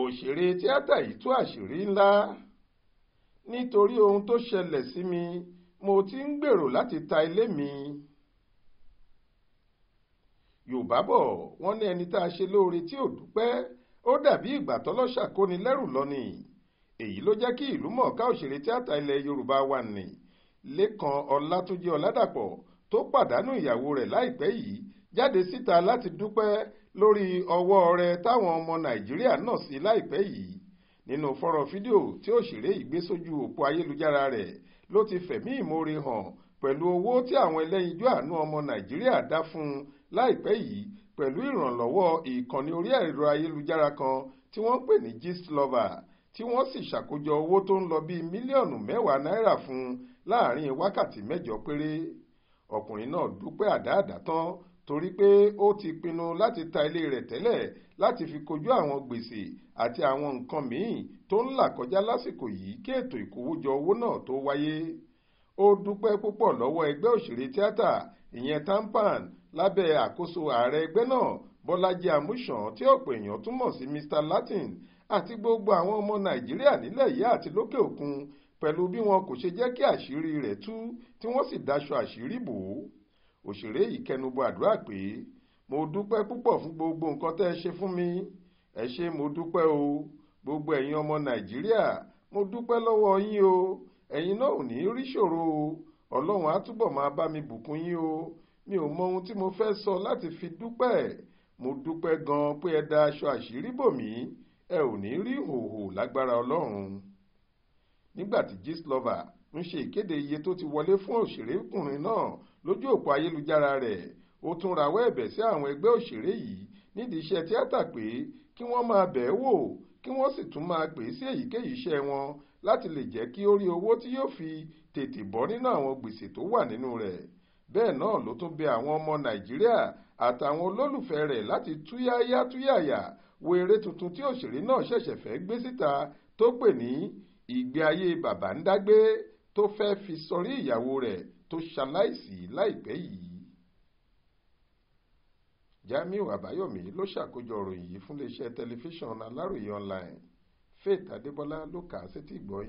òṣèré tíátà yìí tú àṣírí ńlá nítorí ohun tó ṣẹlẹ̀ sí mi mo ti ń gbèrò láti ta ilé mi yorùbá bọ̀ wọ́n ní ẹni tá a ṣe lóore tí ò dúpẹ́ ó dàbí ìgbà tọ́lọ́ṣà kóni lẹ́rù lọ́ni èyí ló jẹ́ kí ìlú mọ̀ọ́ká òṣèré tíátà ilẹ̀ yorùbá wà ní lẹ́kàn ọlátúnjí ọládàpọ̀ tó pàdánù ìyàwó rẹ̀ láìpẹ́ yìí jáde síta láti dúpẹ́ lórí ọwọ́ rẹ táwọn ọmọ nàìjíríà náà sí láìpẹ́ yìí nínú fọ́rọ̀ fídíò tí òṣèré yìí gbé sójú òpó ayélujára rẹ̀ ló ti fẹ̀mí ìmoore hàn pẹ̀lú owó tí àwọn ẹlẹ́yinjú àánú ọmọ nàìjíríà dá fún un láìpẹ́ yìí pẹ̀lú ìrànlọ́wọ́ ìkànnì orí ẹ̀rọ ayélujára kan tí wọ́n pè ní gistlover tí wọ́n sì ṣàkójọ owó tó ń lọ bíi mílíọ̀nù mẹ́wàá náírà fún un láàrin wákàtí mẹ́jọ péré ọkùnrin náà dúpẹ́ àdáàdá tán torí pé ó ti pinnu láti ta ilé rẹ̀ tẹ́lẹ̀ láti fi kojú àwọn gbèsè àti àwọn nǹkan míì tó ń là kọjá lásìkò yìí kí ètò ìkówójọ owó náà tó wáyé ó dúpẹ́ púpọ̀ lọ́wọ́ ẹgbẹ́ òṣèré tíátà ìyẹn tampan lábẹ́ àkóso ààrẹ ẹgbẹ́ náà bọ́lájí amúṣàn tí ọ̀pọ̀ èèyàn tún sí mr latin àti gbogbo àwọn ọmọ nàìjíríà nílẹ̀ yìí àti lókè òkun pẹ̀lú bí wọn kò ṣe jẹ́ kí àṣírí rẹ̀ tú tí wọ́n sì daṣọ àṣírí bò ó òṣèré yìí kẹnubọ àdúrà pé mo dúpẹ́ púpọ̀ fún gbogbo nǹkan tẹ́ ẹ ṣe fún mi ẹ ṣé mo dúpẹ́ o gbogbo ẹ̀yin ọmọ nàìjíríà mo dúpẹ́ lọ́wọ́ yín o ẹ̀yin náà ò ní rí ṣòro o ọlọ́run á túbọ̀ máa bá mi bùkún yín o mi ò mọ ohun tí mo fẹ́ sọ láti fi dúpẹ́ mo dúpẹ́ gan pé ẹ da aṣọ àṣírí bò mí ẹ ò ní rí ìhòòhò lágbára ọlọ́run nígbà tí gistlover ń ṣe ìkéde iye tó ti wọlé fún òṣèrékùnrin náà lójú òpó ayélujára rẹ̀ ó tún rawọ́ ẹ̀bẹ̀ sí àwọn ẹgbẹ́ òṣèré yìí nídìí iṣẹ́ tíátà pé kí wọ́n máa bẹ̀ ẹ́ wò kí wọ́n sì tún máa pè é sí èyíkéyìí iṣẹ́ wọn láti lè jẹ́ kí ó rí owó tí yóò fi tètè bọ́ nínú àwọn gbèsè tó wà nínú rẹ̀ bẹ́ẹ̀ náà ló tún bẹ àwọn ọmọ nàìjíríà àtàwọn olólùfẹ́ rẹ̀ láti túyáyá túyàyà wo eré tuntun tí òṣèré náà ṣẹ̀ṣẹ̀ fẹ́ gbé síta tó pè ní ìgbé ayé bàbá ń dágbé tó fẹ́ẹ́ fi sọrí ìyàwó rẹ̀ tó ṣaláìsí láìpẹ́ yìí Jamiu Àbáyọ̀mí ló ṣàkójọ ìròyìn yìí fún iléeṣẹ́ tẹlifíṣàn Aláròye online Faith Adébọlá ló kà á sétí ìgbọ́